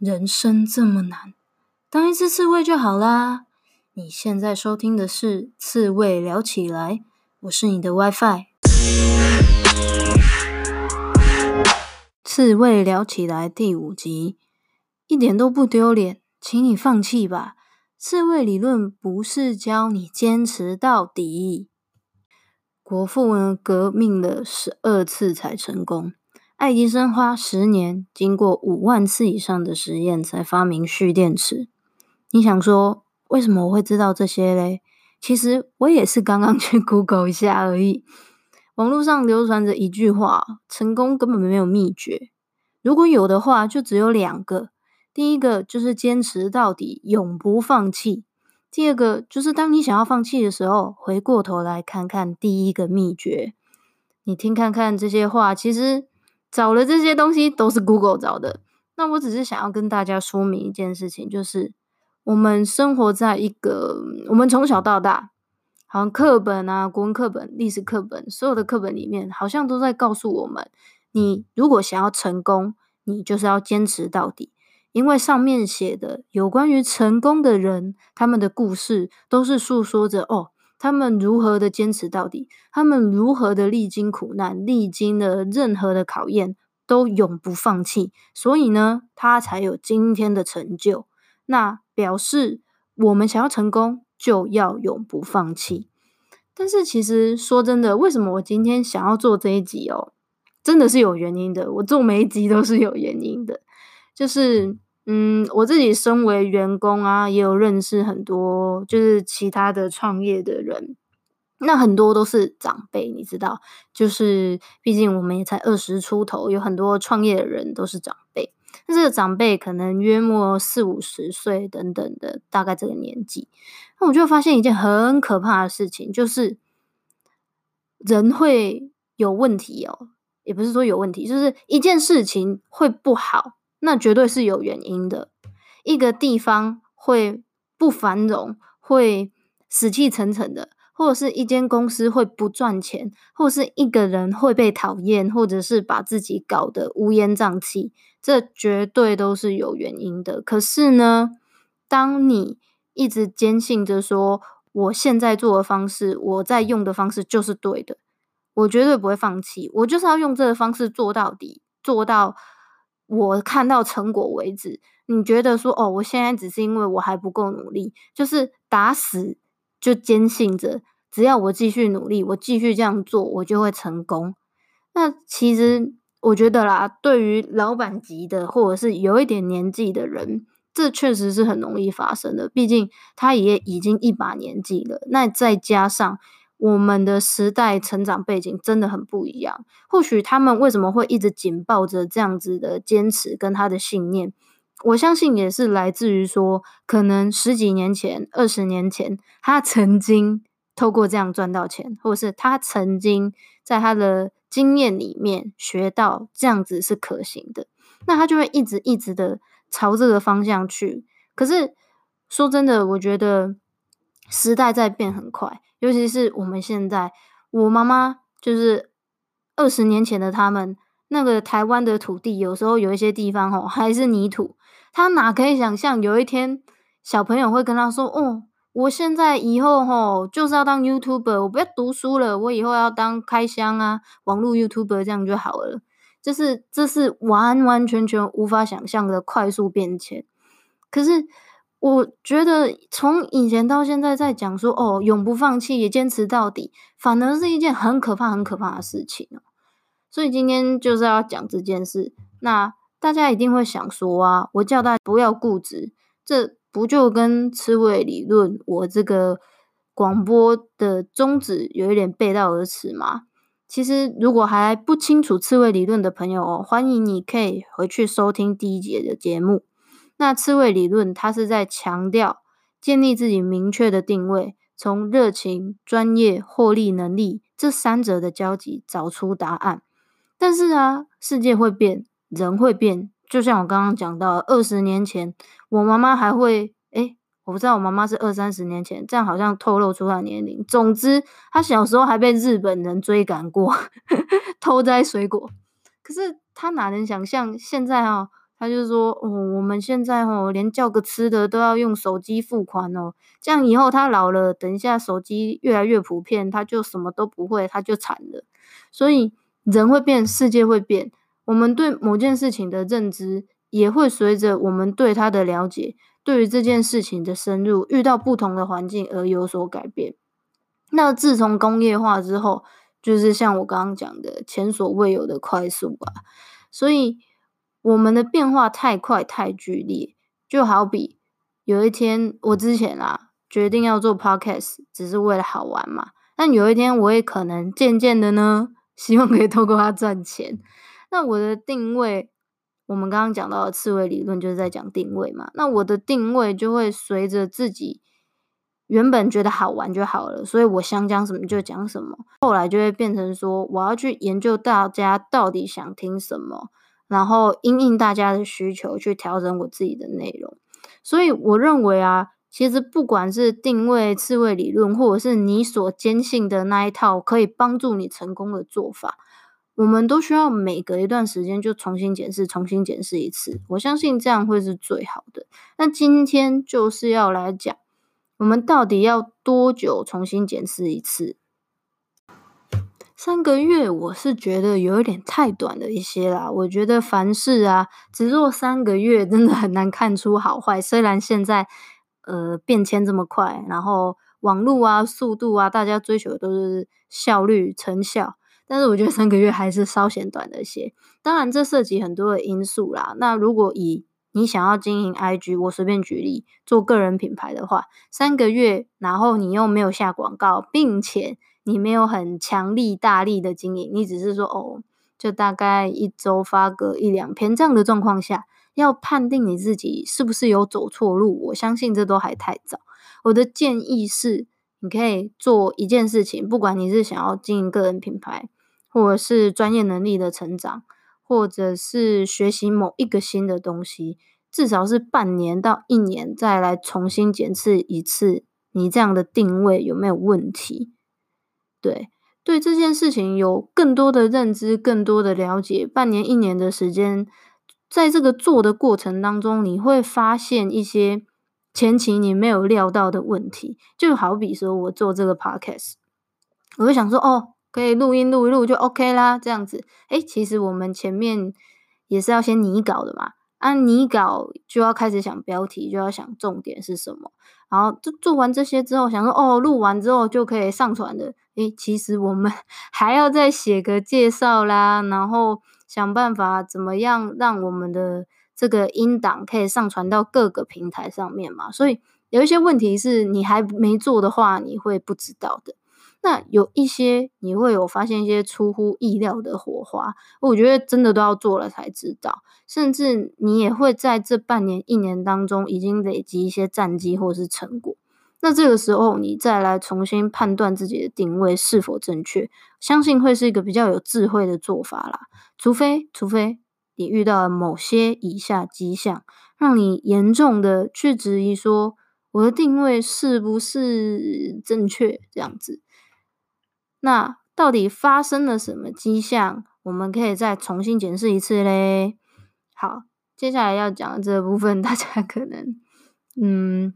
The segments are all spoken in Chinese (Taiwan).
人生這麼難，當一次刺蝟就好啦。你現在收聽的是《刺蝟聊起來》，我是你的 Wi-Fi。《刺蝟聊起來》第五集，一點都不丟臉，請你放棄吧。刺蝟理論不是教你堅持到底，國父文革命了十二次才成功。愛迪生花十年，經過五萬次以上的實驗才發明蓄電池。你想說為什麼我會知道這些嘞？其實我也是剛剛去 Google 一下而已。網絡上流傳着一句話：成功根本沒有秘訣，如果有的話，就只有兩個。第一個就是堅持到底，永不放棄；第二個就是當你想要放棄的時候，回過頭來看看第一個秘訣。你聽看看這些話，其實。找了這些東西都是 Google 找的，那我只是想要跟大家說明一件事情，就是我們生活在一個，我們從小到大，好像課本啊、國文課本、歷史課本，所有的課本裡面，好像都在告訴我們，你如果想要成功，你就是要堅持到底，因為上面寫的有關於成功的人，他們的故事都是訴說着，哦。他們如何的堅持到底，他們如何的歷經苦難、歷經了任何的考驗，都永不放棄。所以呢，他才有今天的成就。那表示我們想要成功，就要永不放棄。但是，其實說真的，為什麼我今天想要做這一集哦？真的是有原因的。我做每一集都是有原因的，就是。嗯，我自己身為員工啊，也有認識很多，就是其他的創業的人，那很多都是長輩，你知道，就是畢竟我們也才二十出頭，有很多創業的人都是長輩，那這個長輩可能約莫四五十歲等等的，大概這個年紀，那我就發現一件很可怕的事情，就是人會有問題哦，也不是說有問題，就是一件事情會不好。那絕對是有原因的。一個地方會不繁榮，會死氣沉沉的，或者是一間公司會不賺錢，或者是一個人會被討厭，或者是把自己搞得烏煙瘴氣，這絕對都是有原因的。可是呢，當你一直堅信着說我現在做的方式，我在用的方式就是對的，我絕對不會放棄，我就是要用這個方式做到底，做到。我看到成果為止，你覺得說哦，我現在只是因為我還不夠努力，就是打死就堅信着，只要我繼續努力，我繼續這樣做，我就會成功。那其實我覺得啦，對於老板級的或者是有一點年紀的人，這確實是很容易發生的。畢竟他也已經一把年紀了，那再加上。我們的時代成長背景真的很不一樣。或許他們為什麼會一直緊抱着這樣子的堅持跟他的信念，我相信也是來自於說，可能十幾年前、二十年前，他曾經透過這樣賺到錢，或者是他曾經在他的經驗裡面學到這樣子是可行的，那他就會一直一直的朝這個方向去。可是說真的，我覺得時代在變很快。尤其是我們現在，我媽媽就是二十年前的他們，那個台灣的土地，有時候有一些地方哦，還是泥土，他哪可以想象有一天小朋友會跟他說：“哦，我現在以後吼、哦、就是要當 YouTuber，我不要讀書了，我以後要當開箱啊，網絡 YouTuber 這樣就好了。”這就是，這是完完全全無法想象的快速變遷，可是。我覺得從以前到現在在講說哦，永不放棄也堅持到底，反而是一件很可怕、很可怕的事情。所以今天就是要講這件事。那大家一定會想說啊，我叫大家不要固執，這不就跟刺蝟理論我這個廣播的宗旨有一點背道而馳嗎？其實如果還不清楚刺蝟理論的朋友哦，歡迎你可以回去收聽第一節的節目。那刺蝟理論，它是在強調建立自己明確的定位，從熱情、專業、獲利能力這三者的交集找出答案。但是啊，世界會變，人會變。就像我剛剛講到了，二十年前我媽媽還會哎、欸，我不知道我媽媽是二三十年前，這樣好像透露出她年齡。總之，她小時候還被日本人追趕過呵呵，偷摘水果。可是她哪能想象現在啊、喔，他就說：“哦、嗯，我們現在吼、哦、連叫個吃的都要用手機付款。哦，這樣以後他老了，等一下手機越來越普遍，他就什麼都不會，他就慘了。所以人會變，世界會變，我們對某件事情的認知也會隨着我們對他的了解，對於這件事情的深入，遇到不同的環境而有所改變。那自從工業化之後，就是像我剛剛講的，前所未有的快速啊，所以。”我們的變化太快太劇烈，就好比有一天我之前啊決定要做 podcast，只是為了好玩嘛。但有一天我也可能漸漸的呢，希望可以透過它賺錢。那我的定位，我們剛剛講到的刺蝟理論就是在講定位嘛。那我的定位就會隨着自己原本覺得好玩就好了，所以我想講什麼就講什麼。後來就會變成說，我要去研究大家到底想聽什麼。然後因應大家的需求去調整我自己的內容，所以我認為啊，其實不管是定位、刺蝟理論，或者是你所堅信的那一套可以幫助你成功的做法，我們都需要每隔一段時間就重新檢視、重新檢視一次。我相信這樣會是最好的。那今天就是要來講，我們到底要多久重新檢視一次？三個月，我是覺得有一點太短的一些啦。我覺得凡事啊，只做三個月，真的很難看出好壞。雖然現在呃變遷這麼快，然後網絡啊速度啊，大家追求的都是效率成效，但是我覺得三個月還是稍顯短了些。當然，這涉及很多的因素啦。那如果以你想要經營 IG，我隨便舉例做個人品牌的話，三個月，然後你又沒有下廣告，並且。你沒有很強力、大力的經營，你只是說哦，就大概一周發個一兩篇這樣的狀況下，要判定你自己是不是有走錯路，我相信這都還太早。我的建議是，你可以做一件事情，不管你是想要經營個人品牌，或者是專業能力的成長，或者是學習某一個新的東西，至少是半年到一年，再來重新檢視一次你這樣的定位有沒有問題。對對，對這件事情有更多的認知，更多的了解。半年、一年的時間，在這個做的過程當中，你會發現一些前期你沒有料到的問題。就好比說我做這個 podcast，我就想說，哦，可以錄音錄一錄就 OK 啦。這樣子。誒其實我們前面也是要先擬稿的嘛，按擬稿就要開始想標題，就要想重點是什麼。然後就做完這些之後，想說哦，錄完之後就可以上傳的。誒，其實我們還要再寫個介紹啦，然後想辦法怎麼樣讓我們的這個音檔可以上傳到各個平台上面嘛。所以有一些問題是你還沒做的話，你會不知道的。那有一些你會有發現一些出乎意料的火花，我覺得真的都要做了才知道。甚至你也會在這半年、一年當中已經累積一些戰績或是成果。那這個時候你再來重新判斷自己的定位是否正確，相信會是一個比較有智慧的做法啦。除非除非你遇到了某些以下跡象，讓你嚴重的去質疑說我的定位是不是正確這樣子。那到底發生了什麼跡象？我們可以再重新檢視一次嘞。好，接下來要講的這部分，大家可能，嗯，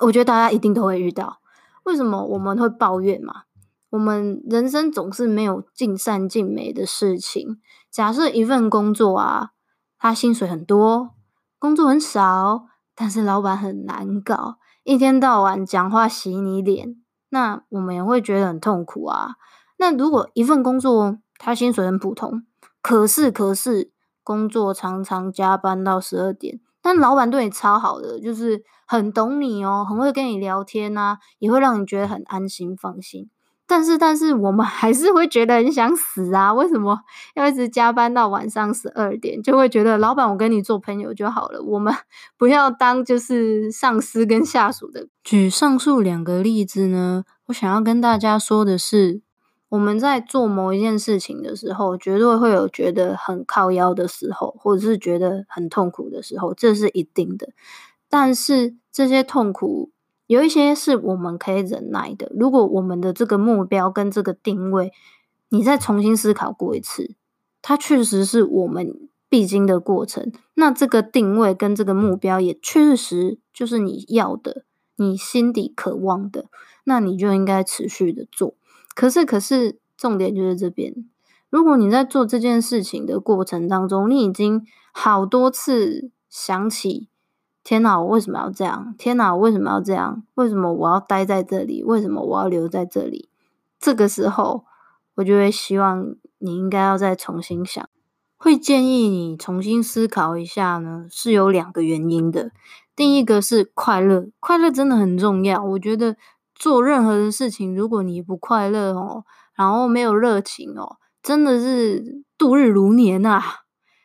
我覺得大家一定都會遇到。為什麼我們會抱怨嘛？我們人生總是沒有盡善盡美的事情。假設一份工作啊，他薪水很多，工作很少，但是老闆很難搞，一天到晚講話洗你臉。那我們也會覺得很痛苦啊。那如果一份工作，他薪水很普通，可是可是工作常常加班到十二點，但老闆對你超好的，就是很懂你哦，很會跟你聊天吶、啊，也會讓你覺得很安心放心。但是，但是我們還是會覺得很想死啊！為什麼要一直加班到晚上十二點？就會覺得老闆，我跟你做朋友就好了。我們不要當就是上司跟下屬的。舉上述兩個例子呢，我想要跟大家說的是，我們在做某一件事情的時候，絕對會有覺得很靠腰的時候，或者是覺得很痛苦的時候，這是一定的。但是這些痛苦。有一些是我們可以忍耐的。如果我們的這個目標跟這個定位，你再重新思考過一次，它確實是我們必經的過程。那這個定位跟這個目標也確實就是你要的，你心底渴望的，那你就應該持續的做。可是，可是重點就是這邊，如果你在做這件事情的過程當中，你已經好多次想起。天哪，我為什麼要這樣？天哪，我為什麼要這樣？為什麼我要待在這裡？為什麼我要留在這裡？這個時候，我就會希望你應該要再重新想，會建議你重新思考一下呢，是有兩個原因的。第一個是快樂，快樂真的很重要。我覺得做任何的事情，如果你不快樂哦，然後沒有熱情哦，真的是度日如年啊，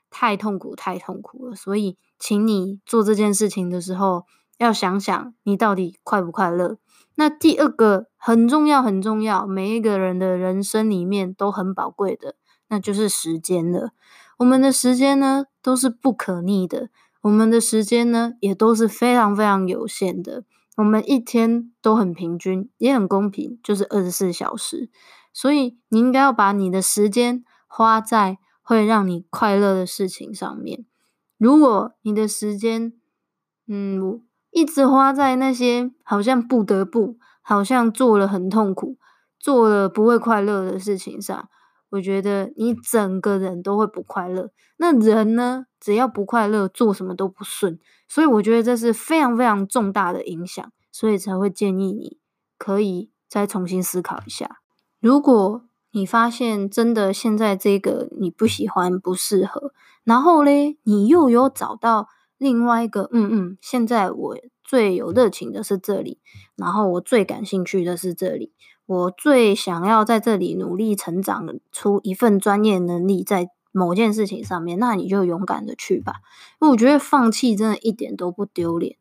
太痛苦，太痛苦了。所以。請你做這件事情的時候，要想想你到底快不快樂。那第二個很重要，很重要，每一個人的人生裡面都很寶貴的，那就是時間了。我們的時間呢都是不可逆的，我們的時間呢也都是非常非常有限的。我們一天都很平均，也很公平，就是二十四小時。所以你應該要把你的時間花在會讓你快樂的事情上面。如果你的時間，嗯，一直花在那些好像不得不，好像做了很痛苦、做了不會快樂的事情上，我覺得你整個人都會不快樂。那人呢，只要不快樂，做什麼都不順。所以我覺得這是非常非常重大的影響，所以才會建議你可以再重新思考一下。如果你發現真的現在這個你不喜歡不適合，然後嘞，你又有找到另外一個，嗯嗯，現在我最有熱情的是這裡，然後我最感興趣的是這裡，我最想要在這裡努力成長出一份專業能力，在某件事情上面，那你就勇敢的去吧。因為我覺得放棄真的一點都不丟臉，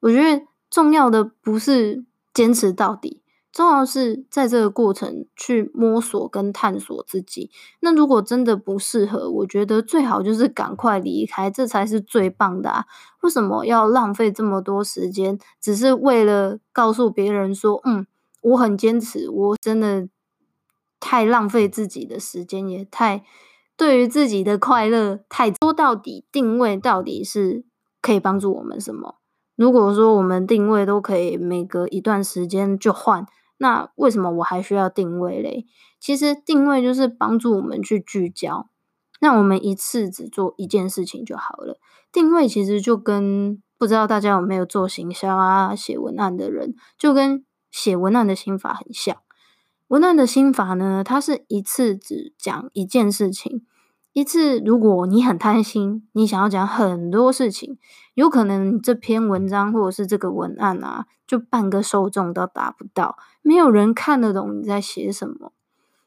我覺得重要的不是堅持到底。重要是在這個過程去摸索跟探索自己。那如果真的不適合，我覺得最好就是趕快離開，這才是最棒的啊，為什麼要浪費這麼多時間？只是為了告訴別人說，嗯，我很堅持，我真的太浪費自己的時間，也太，對於自己的快樂太。說到底，定位到底是可以幫助我們什麼？如果說我們定位都可以每隔一段時間就換，那為什麼我還需要定位嘞？其實定位就是幫助我們去聚焦，那我們一次只做一件事情就好了。定位其實就跟不知道大家有沒有做行銷啊、寫文案的人，就跟寫文案的心法很像。文案的心法呢，它是一次只講一件事情。一次，如果你很貪心，你想要講很多事情，有可能這篇文章或者是這個文案啊，就半個受眾都達不到，沒有人看得懂你在寫什麼。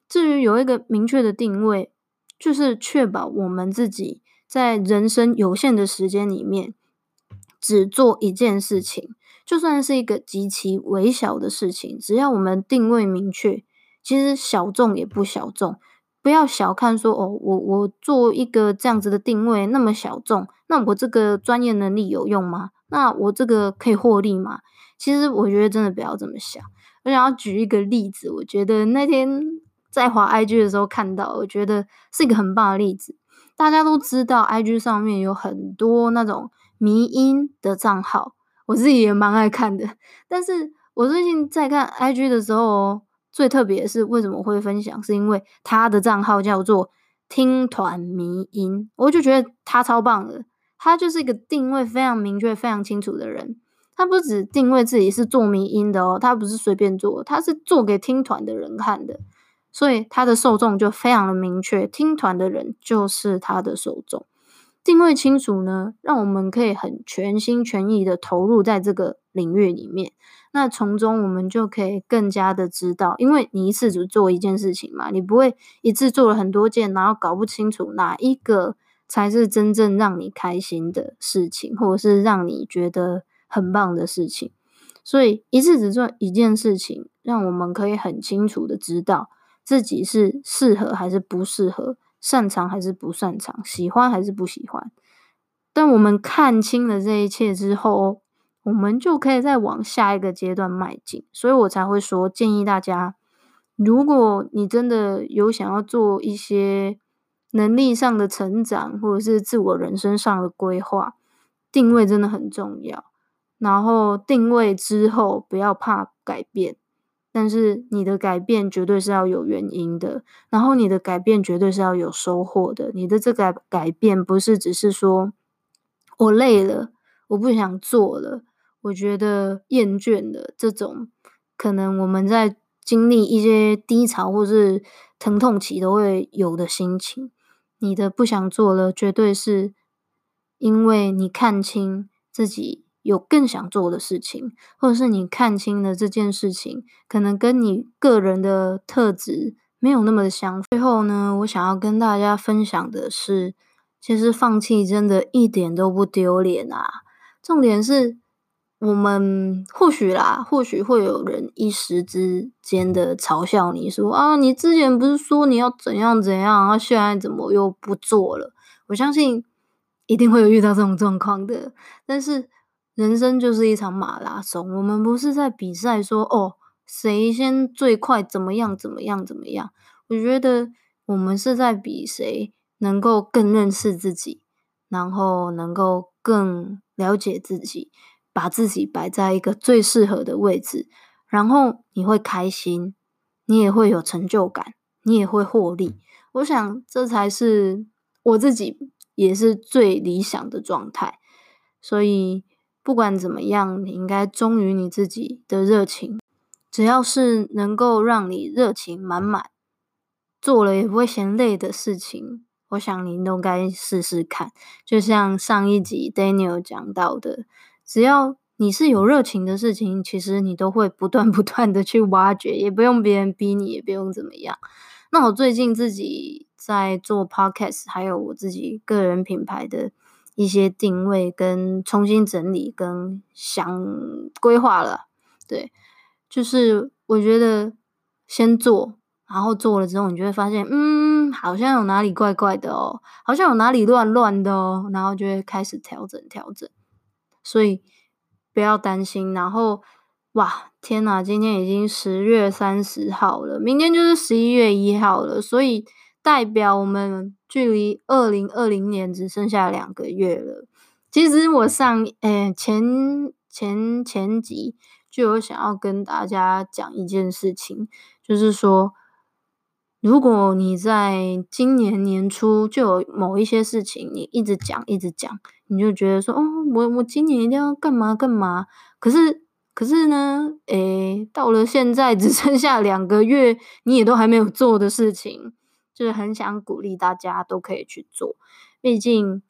至於有一個明確的定位，就是確保我們自己在人生有限的時間裡面，只做一件事情，就算是一個極其微小的事情，只要我們定位明確，其實小眾也不小眾。不要小看說哦，我我做一個這樣子的定位那麼小眾，那我這個專業能力有用嗎？那我這個可以獲利嗎？其實我覺得真的不要這麼想。我想要舉一個例子，我覺得那天在滑 IG 的時候看到，我覺得是一個很棒的例子。大家都知道 IG 上面有很多那種迷因的賬號，我自己也蠻愛看的。但是我最近在看 IG 的時候，哦。最特別是，為什麼會分享？是因為他的賬號叫做“聽團迷音”，我就覺得他超棒的。他就是一個定位非常明確、非常清楚的人。他不只定位自己是做迷音的哦，他不是隨便做，他是做給聽團的人看的。所以他的受眾就非常的明確，聽團的人就是他的受眾。定位清楚呢，讓我們可以很全心全意的投入在這個。領域裡面，那從中我們就可以更加的知道，因為你一次只做一件事情嘛，你不會一次做了很多件，然後搞不清楚哪一個才是真正讓你開心的事情，或者是讓你覺得很棒的事情。所以一次只做一件事情，讓我們可以很清楚的知道自己是適合還是不適合，擅長還是不擅長，喜歡還是不喜歡。當我們看清了這一切之後。我們就可以再往下一個階段邁進，所以我才會說，建議大家，如果你真的有想要做一些能力上的成長，或者是自我人生上的規劃，定位真的很重要。然後定位之後，不要怕改變，但是你的改變絕對是要有原因的，然後你的改變絕對是要有收穫的。你的這個改變不是只是說我累了，我不想做了。我覺得厭倦的這種，可能我們在經歷一些低潮或是疼痛期都會有的心情。你的不想做了，絕對是因為你看清自己有更想做的事情，或者是你看清了這件事情可能跟你個人的特質沒有那麼的相符。最後呢，我想要跟大家分享的是，其實放棄真的一點都不丟臉啊。重點是。我們或許啦，或許會有人一時之間的嘲笑你說啊，你之前不是說你要怎樣怎樣啊，現在怎麼又不做了？我相信一定會有遇到這種狀況的。但是人生就是一場馬拉松，我們不是在比賽說哦，誰先最快怎麼樣怎麼樣怎麼樣。我覺得我們是在比誰能夠更認識自己，然後能夠更了解自己。把自己擺在一個最適合的位置，然後你會開心，你也會有成就感，你也會獲利。我想這才是我自己也是最理想的狀態。所以不管怎麼樣，你應該忠於你自己的熱情，只要是能夠讓你熱情滿滿，做了也不會嫌累的事情，我想你都該試試看。就像上一集 Daniel 講到的。只要你是有熱情的事情，其實你都會不斷不斷的去挖掘，也不用別人逼你，也不用怎麼樣。那我最近自己在做 Podcast，還有我自己個人品牌的一些定位跟重新整理跟想規劃了。對，就是我覺得先做，然後做了之後，你就會發現，嗯，好像有哪裡怪怪的哦，好像有哪裡亂亂的哦，然後就會開始調整調整。所以不要擔心，然後，哇天吶，今天已經十月三十號了，明天就是十一月一號了，所以代表我們距離二零二零年只剩下兩個月了。其實我上，誒、欸、前前前集就有想要跟大家講一件事情，就是說。如果你在今年年初就有某一些事情，你一直講一直講，你就覺得說，哦，我我今年一定要幹嘛幹嘛。可是可是呢，誒，到了現在只剩下兩個月，你也都還沒有做的事情，就是很想鼓勵大家都可以去做。畢竟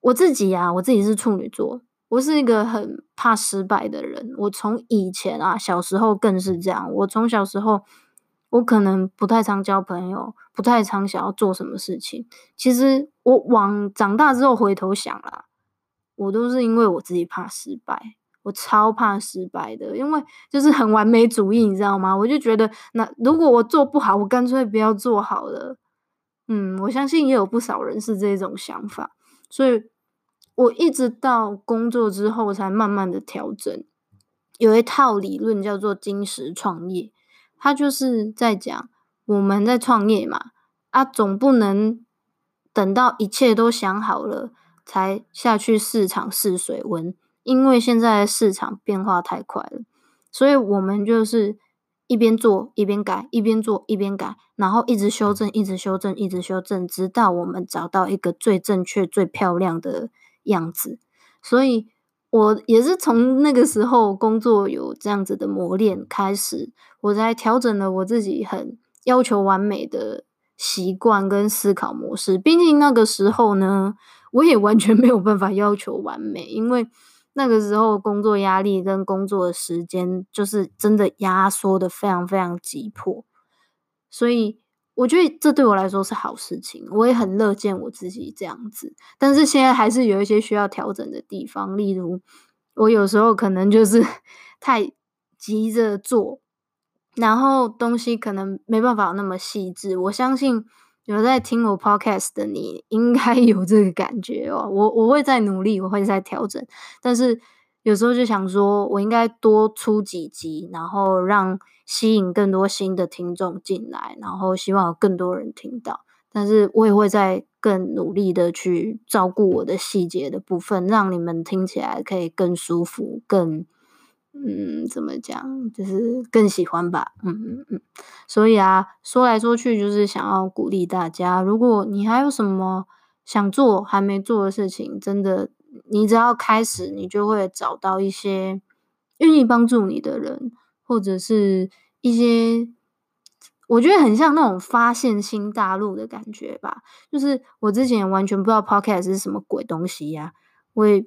我自己啊，我自己是處女座，我是一個很怕失敗的人。我從以前啊，小時候更是這樣。我從小時候。我可能不太常交朋友，不太常想要做什麼事情。其實我往長大之後回頭想啦，我都是因為我自己怕失敗，我超怕失敗的，因為就是很完美主義，你知道嗎？我就覺得那如果我做不好，我乾脆不要做好了。嗯，我相信也有不少人是這種想法，所以我一直到工作之後才慢慢的調整。有一套理論叫做“精實創業”。他就是在講我們在創業嘛，啊，總不能等到一切都想好了才下去市場試水溫，因為現在市場變化太快了，所以我們就是一邊做一邊改，一邊做一邊改，然後一直修正，一直修正，一直修正，直到我們找到一個最正確、最漂亮的樣子，所以。我也是從那個時候工作有這樣子的磨練開始，我才調整了我自己很要求完美的習慣跟思考模式。畢竟那個時候呢，我也完全沒有辦法要求完美，因為那個時候工作壓力跟工作的時間就是真的壓縮的非常非常急迫，所以。我覺得這對我來說是好事情，我也很樂見我自己這樣子。但是現在還是有一些需要調整的地方，例如我有時候可能就是太急着做，然後東西可能沒辦法那麼細緻。我相信有在聽我 podcast 的你應該有這個感覺哦。我我會再努力，我會再調整，但是。有時候就想說，我應該多出幾集，然後讓吸引更多新的聽眾進來，然後希望有更多人聽到。但是我也會再更努力的去照顧我的細節的部分，讓你們聽起來可以更舒服，更嗯，怎麼講，就是更喜歡吧。嗯嗯嗯。所以啊，說來說去就是想要鼓勵大家，如果你還有什麼想做還沒做的事情，真的。你只要開始，你就會找到一些願意幫助你的人，或者是一些我覺得很像那種發現新大陸的感覺吧。就是我之前完全不知道 Podcast 是什麼鬼東西呀，啊，我也，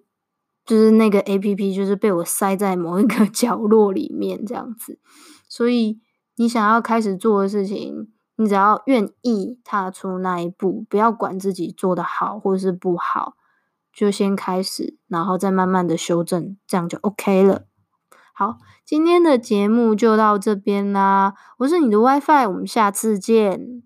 就是那個 APP，就是被我塞在某一個角落裡面這樣子。所以你想要開始做的事情，你只要願意踏出那一步，不要管自己做得好或是不好。就先開始，然後再慢慢的修正，這樣就 OK 了。好，今天的節目就到這邊啦，我是你的 WiFi，我們下次見。